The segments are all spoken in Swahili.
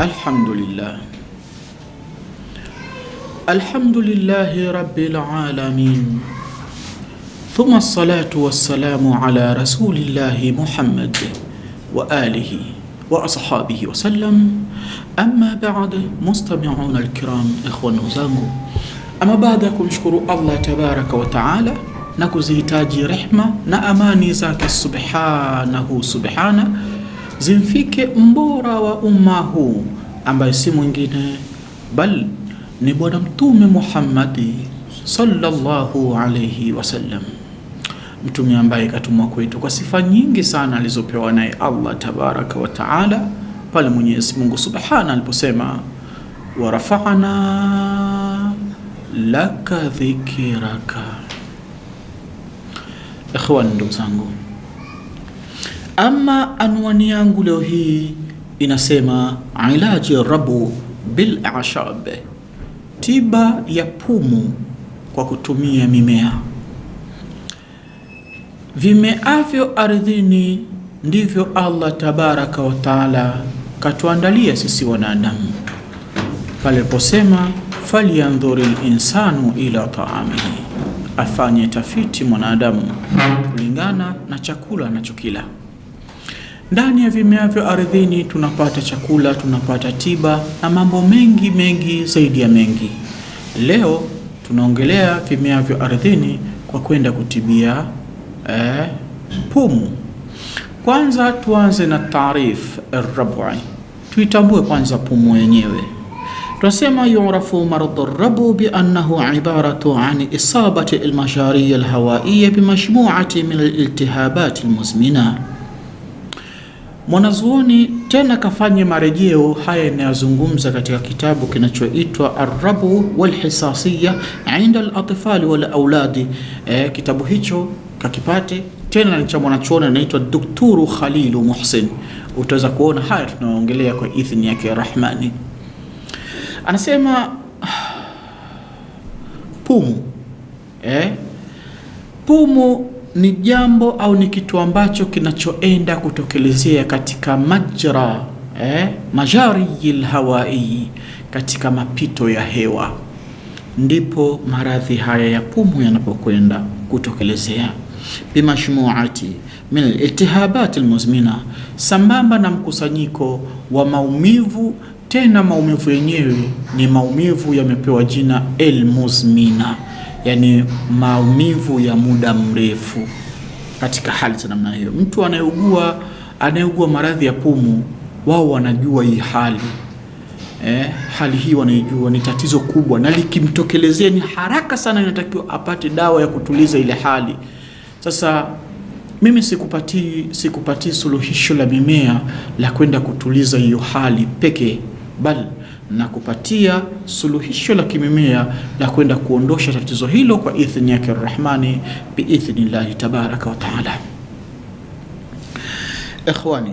الحمد لله الحمد لله رب العالمين ثم الصلاة والسلام على رسول الله محمد وآله وأصحابه وسلم أما بعد مستمعون الكرام إخوة zangu اما بعدكم ya الله تبارك وتعالى نكوزي taala رحمه ناماني rehma سبحانه سبحانه zimfike mbora wa umma huu ambaye si mwingine bal ni Bwana Mtume Muhammadi sallallahu alayhi wasallam, mtume ambaye katumwa kwetu kwa sifa nyingi sana alizopewa naye Allah tabaraka wa taala pale Mwenyezi Mungu subhana aliposema warafana laka dhikiraka Ikhwan, ndugu zangu ama anwani yangu leo hii inasema ilaji rabu bil ashab, tiba ya pumu kwa kutumia mimea. Vimeavyo ardhini ndivyo Allah tabaraka wa taala katuandalia sisi wanadamu. Paliposema falyanzuri linsanu ila taamihi, afanye tafiti mwanadamu kulingana na chakula anachokila. Ndani ya vimea vya ardhini tunapata chakula, tunapata tiba na mambo mengi mengi zaidi ya mengi. Leo tunaongelea vimea vya ardhini kwa kwenda kutibia eh, pumu. Kwanza tuanze na taarif rabui, tuitambue kwanza pumu yenyewe. Tunasema yurafu maradhu rabu biannahu ibaratu an isabati almashariya alhawaiya bimajmuati min aliltihabati almuzmina Mwanazuoni tena kafanye marejeo haya yanayozungumza katika kitabu kinachoitwa Arrabu walhisasiya inda alatifali wal auladi. E, kitabu hicho kakipate tena ni cha mwanachuoni anaitwa Dukturu Khalilu Muhsin. Utaweza kuona haya tunaongelea kwa idhini yake Rahmani. Anasema pumu e, pumu ni jambo au ni kitu ambacho kinachoenda kutokelezea katika majra eh, majariyil hawai, katika mapito ya hewa, ndipo maradhi haya ya pumu yanapokwenda kutokelezea bimajmuati min alitihabat lmuzmina sambamba na mkusanyiko wa maumivu. Tena maumivu yenyewe ni maumivu yamepewa jina elmuzmina yani maumivu ya muda mrefu. Katika hali za namna hiyo, mtu anayeugua anayeugua maradhi ya pumu, wao wanajua hii hali eh, hali hii wanaijua, ni tatizo kubwa, na likimtokelezea ni haraka sana, inatakiwa apate dawa ya kutuliza ile hali. Sasa mimi sikupatii sikupatii suluhisho la mimea la kwenda kutuliza hiyo hali pekee, bali na kupatia suluhisho la kimimea la kwenda kuondosha tatizo hilo kwa idhni yake Arrahmani biidhnillahi tabaraka wa taala. Ikhwani,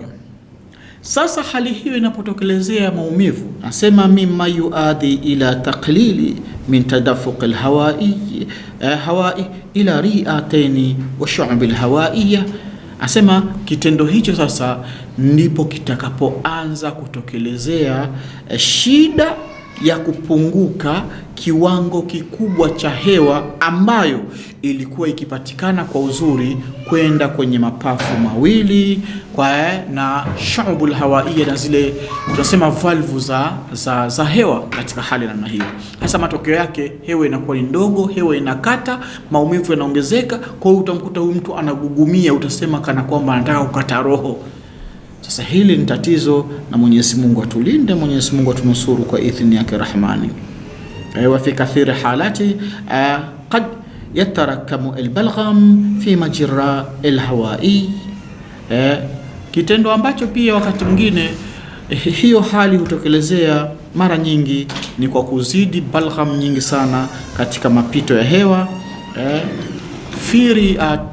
sasa hali hiyo inapotokelezea maumivu, nasema mima yuadi ila taqlili min tadafuq alhawai eh, hawai ila riateni wa shu'ub alhawaiya Asema kitendo hicho sasa ndipo kitakapoanza kutokelezea eh, shida ya kupunguka kiwango kikubwa cha hewa ambayo ilikuwa ikipatikana kwa uzuri kwenda kwenye mapafu mawili kwa eh, na shu'bul hawaiya na zile tunasema valvu za, za, za hewa katika hali namna hiyo. Hasa matokeo yake hewa inakuwa ni ndogo, hewa inakata, maumivu yanaongezeka. Kwa hiyo utamkuta huyu mtu anagugumia, utasema kana kwamba anataka kukata roho. Sasa hili ni tatizo, na Mwenyezi Mungu atulinde, Mwenyezi Mungu atunusuru kwa idhini yake Rahmani. Eh, wa fi kathiri halati eh, qad yatarakamu albalgham fi majra alhawai, eh, kitendo ambacho pia wakati mwingine hiyo hali hutokelezea mara nyingi ni kwa kuzidi balgham nyingi sana katika mapito ya hewa eh, firi at, ah,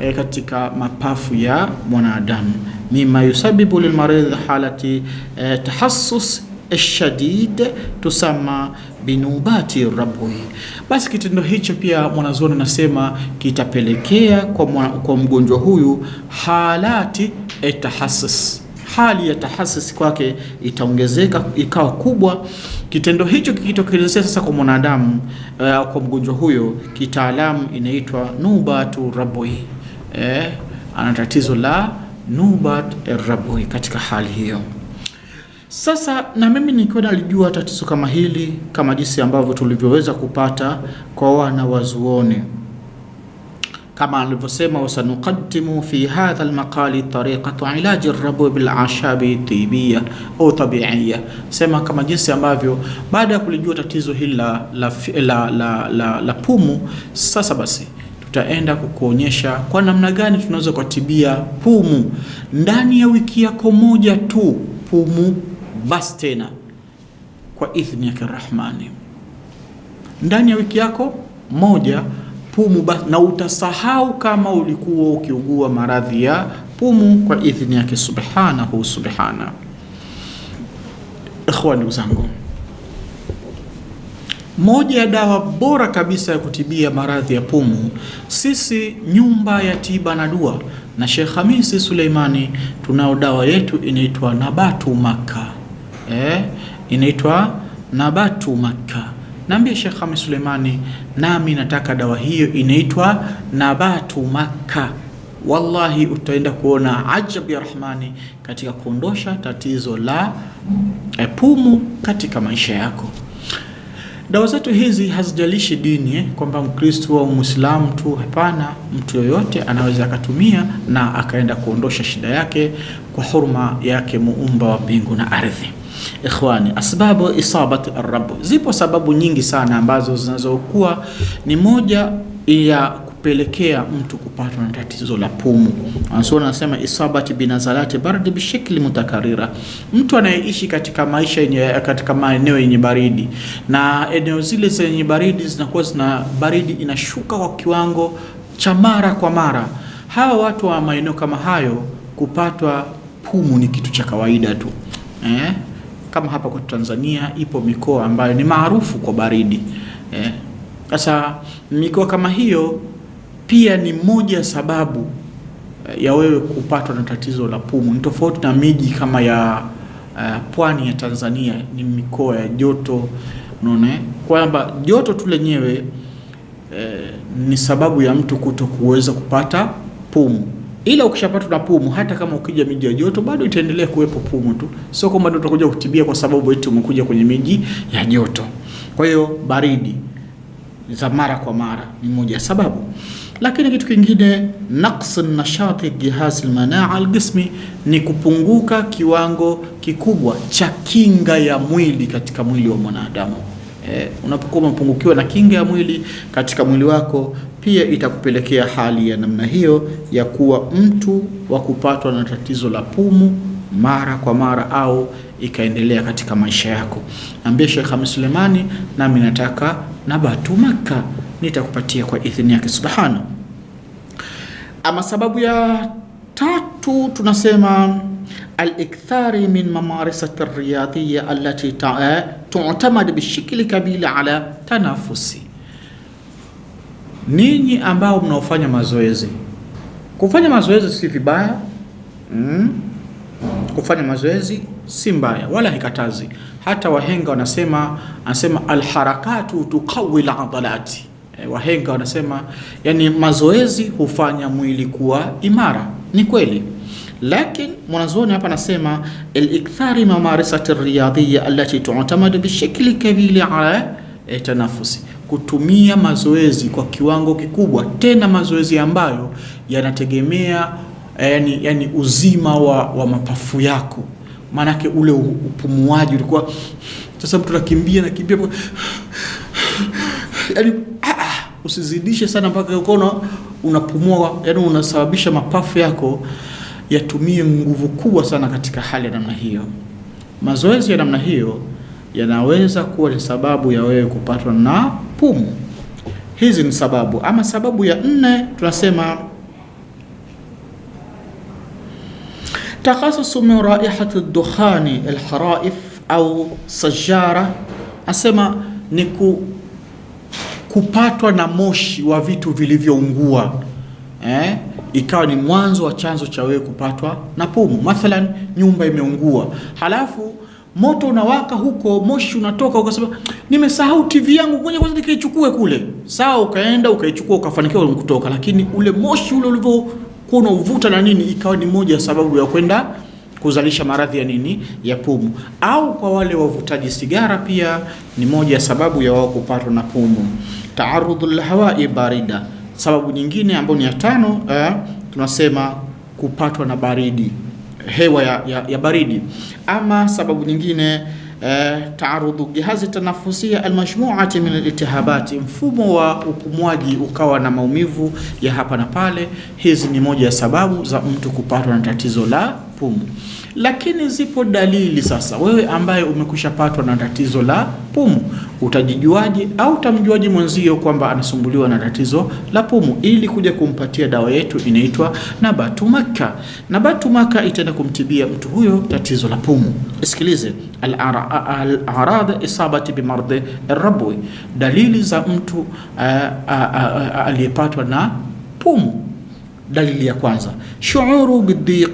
eh, katika mapafu ya mwanadamu mima yusabibu lilmaridh halati eh, tahassus shadid tusama binubati rabwi. Basi kitendo hicho pia mwanazuoni anasema kitapelekea kwa, kwa mgonjwa huyu halati tahassus hali ya tahasisi kwake itaongezeka ikawa kubwa. Kitendo hicho kikitokelezea sasa kwa mwanadamu uh, kwa mgonjwa huyo kitaalamu inaitwa nubatu rabwi eh, ana tatizo la Nubat Rabui katika hali hiyo. Sasa na mimi nikiwa nalijua tatizo kama hili, kama jinsi ambavyo tulivyoweza kupata kwa wana wazuoni, kama alivyosema, wasanuqaddimu fi hadha almaqali tariqatu ilaji rabu bil ashabi tibia au tabiia, sema kama jinsi ambavyo baada ya kulijua tatizo hili la, la, la, la, la, la pumu, sasa basi tutaenda kukuonyesha kwa namna gani tunaweza kutibia pumu ndani ya wiki yako moja tu, pumu basi tena, kwa idhni yake Rahmani, ndani ya wiki yako moja pumu basi, na utasahau kama ulikuwa ukiugua maradhi ya pumu kwa idhni yake Subhanahu subhana. Ikhwani zangu moja ya dawa bora kabisa ya kutibia maradhi ya pumu, sisi nyumba ya tiba na dua na Sheikh Hamisi Suleimani tunao dawa yetu inaitwa Nabatu Maka, eh, inaitwa Nabatu Maka. Naambia Sheikh Hamisi Suleimani, nami nataka dawa hiyo inaitwa Nabatu Maka. Wallahi utaenda kuona ajabu ya Rahmani katika kuondosha tatizo la eh, pumu katika maisha yako. Dawa zetu hizi hazijalishi dini eh, kwamba Mkristo au Muislamu tu, hapana. Mtu yoyote anaweza akatumia na akaenda kuondosha shida yake kwa huruma yake muumba wa mbingu na ardhi. Ikhwani, asbabu isabati arabu, zipo sababu nyingi sana ambazo zinazokuwa ni moja ya kupelekea mtu kupatwa na tatizo la pumu. Anasema anasema isabati binazalati baridi bishikli mutakarira, mtu anayeishi katika maisha yenye, katika maeneo yenye baridi na eneo zile zenye baridi zinakuwa zina baridi inashuka kwa kiwango cha mara kwa mara, hawa watu wa maeneo kama hayo kupatwa pumu ni kitu cha kawaida tu eh? Kama hapa kwa Tanzania ipo mikoa ambayo ni maarufu kwa baridi eh? Sasa mikoa kama hiyo pia ni moja sababu eh, ya wewe kupatwa na tatizo la pumu. Ni tofauti na miji kama ya uh, pwani ya Tanzania, ni mikoa ya joto, unaona kwamba joto tu lenyewe eh, ni sababu ya mtu kuto kuweza kupata pumu, ila ukishapatwa na pumu, hata kama ukija miji ya joto bado itaendelea kuwepo pumu tu, sio kwamba ndio utakuja kutibia kwa sababu eti umekuja kwenye miji ya joto. Kwa hiyo baridi za mara kwa mara ni moja sababu. Lakini kitu kingine, naqs nashati jihaz almanaa aljismi, ni kupunguka kiwango kikubwa cha kinga ya mwili katika mwili wa mwanadamu. Eh, unapokuwa umepungukiwa na kinga ya mwili katika mwili wako, pia itakupelekea hali ya namna hiyo ya kuwa mtu wa kupatwa na tatizo la pumu mara kwa mara au ikaendelea katika maisha yako. Ambia Sheikh Hamis Sulemani, nami nataka nabatu Makkah nitakupatia kwa idhini yake subhana Ama sababu ya tatu tunasema al-ikthari min mamarisati riyadhiya allati eh, tu'tamad bishikli kabila ala tanafusi. Ninyi ambao mnaofanya mazoezi, kufanya mazoezi si vibaya mm. Kufanya mazoezi si mbaya wala hikatazi Hata wahenga wanasema, anasema alharakatu tukawil adalati Eh, wahenga wanasema yani, mazoezi hufanya mwili kuwa imara. Ni kweli, lakini mwanazuoni hapa anasema al-ikthari mamarisati riyadhiya allati tu'tamadu bishakli kabili ala eh, tanafusi kutumia mazoezi kwa kiwango kikubwa, tena mazoezi ambayo yanategemea yani, yani uzima wa, wa mapafu yako, maanake ule upumuaji ulikuwa sasa, mtu nakimbia nakimbia, yani usizidishe sana mpaka uko unapumua, yani unasababisha mapafu yako yatumie nguvu kubwa sana katika hali ya namna hiyo. Mazoezi ya namna hiyo yanaweza kuwa ni sababu ya wewe kupatwa na pumu. Hizi ni sababu. Ama sababu ya nne tunasema takhasusu min raihati dukhani alharaif au sajara, asema ni ku kupatwa na moshi wa vitu vilivyoungua eh, ikawa ni mwanzo wa chanzo cha wewe kupatwa na pumu. Mathalan, nyumba imeungua, halafu moto unawaka huko, moshi unatoka, ukasema nimesahau TV yangu, ngoja kwanza nikaichukue kule. Sawa, ukaenda ukaichukua, ukafanikiwa kutoka, lakini ule moshi ule ulivyokuwa unauvuta na nini, ikawa ni moja ya sababu ya kwenda kuzalisha maradhi ya nini ya pumu, au kwa wale wavutaji sigara pia ni moja ya sababu ya wao kupatwa na pumu. Taarudhu hawai barida, sababu nyingine ambayo ni ya tano eh, tunasema kupatwa na baridi, hewa ya, ya, ya baridi. Ama sababu nyingine eh, taarudhu jihazi tanafusia almashmuati min alitihabati, mfumo wa upumuaji ukawa na maumivu ya hapa na pale. Hizi ni moja ya sababu za mtu kupatwa na tatizo la pumu. Lakini zipo dalili sasa. Wewe ambaye umekwisha patwa na tatizo la pumu, utajijuaje au utamjuaje mwenzio kwamba anasumbuliwa na tatizo la pumu, ili kuja kumpatia dawa yetu inaitwa Nabatumaka. Nabatumaka itaenda kumtibia mtu huyo tatizo la pumu. sikilize al-arad isabati bimardi rabwi, dalili za mtu eh, eh, eh, aliyepatwa na pumu. Dalili ya kwanza, shuuru bidhiq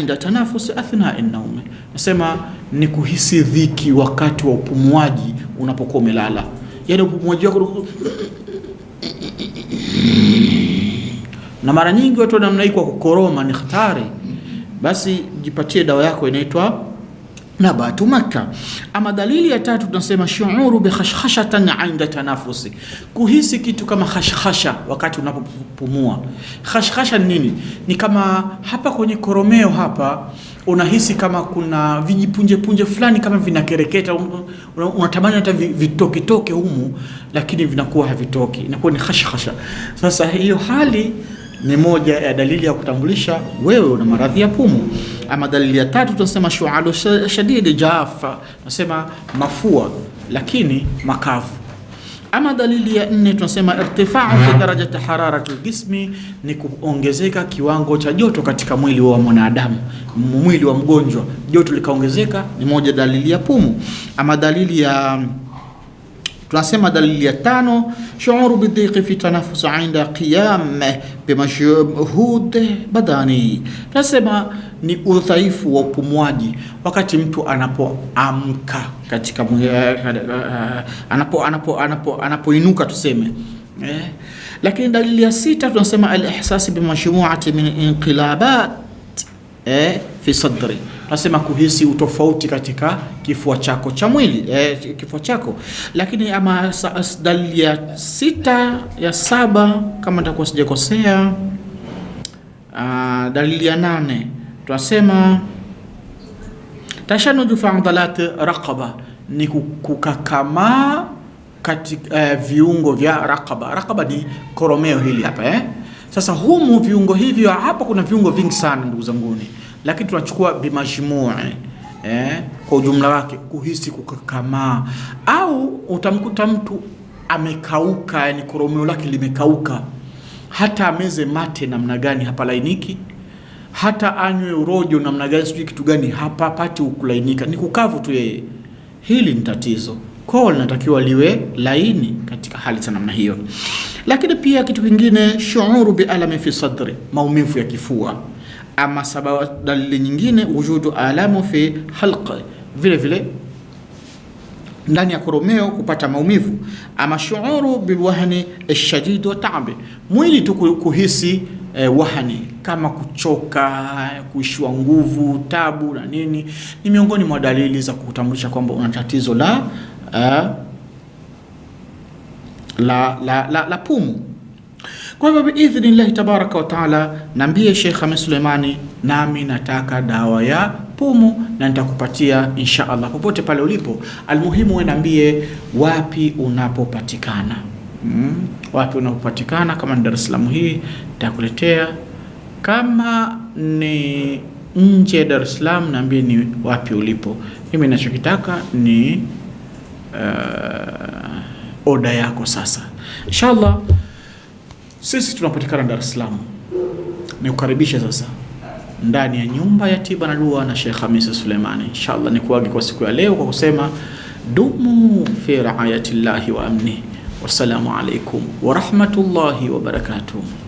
inda tanafusi athna naumi, nasema ni kuhisi dhiki wakati wa upumuaji unapokuwa umelala, yani upumuaji wako na mara nyingi watu wa namna hii kwa kukoroma ni hatari. Basi jipatie dawa yako inaitwa na batu Makka. Ama dalili ya tatu tunasema shuuru bi khashkhashatan inda tanafusi, kuhisi kitu kama khashkhasha wakati unapopumua. Khashkhasha nini? Ni kama hapa kwenye koromeo hapa unahisi kama kuna vijipunje punje fulani kama vinakereketa, um, unatamani hata vitoke toke humu, lakini vinakuwa havitoki, inakuwa ni khashkhasha. Sasa hiyo hali ni moja ya dalili ya kutambulisha wewe una maradhi ya pumu. Ama dalili ya tatu tunasema shualu shadidi jaafa, tunasema mafua lakini makavu. Ama dalili ya nne tunasema irtifau fi darajati hararati ljismi, ni kuongezeka kiwango cha joto katika mwili wa mwanadamu, mwili wa mgonjwa, joto likaongezeka, ni moja dalili ya pumu. Ama dalili ya Tunasema dalili ya tano, shuuru bidhiqi fi tanafus inda qiyam bimashhud badani, tunasema ni udhaifu wa upumuaji wakati mtu anapoamka katika eh, eh, eh, anapo anapo anapo anapoinuka tuseme eh. Lakini dalili ya sita tunasema al ihsasi bimajmuati min inqilabat eh, fi sadri tunasema kuhisi utofauti katika kifua chako cha mwili eh, kifua chako. Lakini ama dalili ya sita ya saba kama nitakuwa sijakosea, ah, dalili ya nane tunasema tashanuju fi adhalat raqaba, ni kukakamaa katika eh, viungo vya raqaba. Raqaba ni koromeo hili hapa eh. Sasa humu viungo hivyo hapa, kuna viungo vingi sana ndugu zanguni lakini tunachukua bimajmui eh, kwa ujumla wake, kuhisi kukakamaa, au utamkuta mtu amekauka, yani koromeo lake limekauka, hata ameze mate namna gani hapa lainiki hata anywe urojo namna gani, sijui kitu gani, hapa pati ukulainika, ni kukavu tu yeye. Hili ni tatizo koo linatakiwa liwe laini katika hali za namna hiyo. Lakini pia kitu kingine, shuuru bi alami fi sadri, maumivu ya kifua ama sababu dalili nyingine, wujudu alamu fi halq, vile vile ndani ya koromeo kupata maumivu. Ama shuuru bilwahni shadid wa taabi, mwili tu kuhisi eh, wahani kama kuchoka, kuishiwa nguvu, tabu na nini, ni miongoni mwa dalili za kutambulisha kwamba una tatizo la, uh, eh, la, la, la, la, la pumu. Kwa hivyo biidhnillahi tabaraka wa taala, naambie Sheikh Hamis Suleimani, nami nataka dawa ya pumu na nitakupatia insha Allah popote pale ulipo. Almuhimu wewe naambie wapi unapopatikana. Mm, wapi unapopatikana? Kama ni Dar es Salaam hii nitakuletea, kama ni nje ya Dar es Salaam naambie ni wapi ulipo. Mimi ninachokitaka ni uh, oda yako sasa inshallah. Sisi tunapatikana Dar es Salaam. Nikukaribisha sasa ndani ya nyumba ya tiba na dua na Sheikh Hamisi Suleimani. Inshallah nikuage kwa siku ya leo kwa kusema dumu fi raayatillahi wa amni. Wassalamu alaikum wa rahmatullahi wa barakatuh.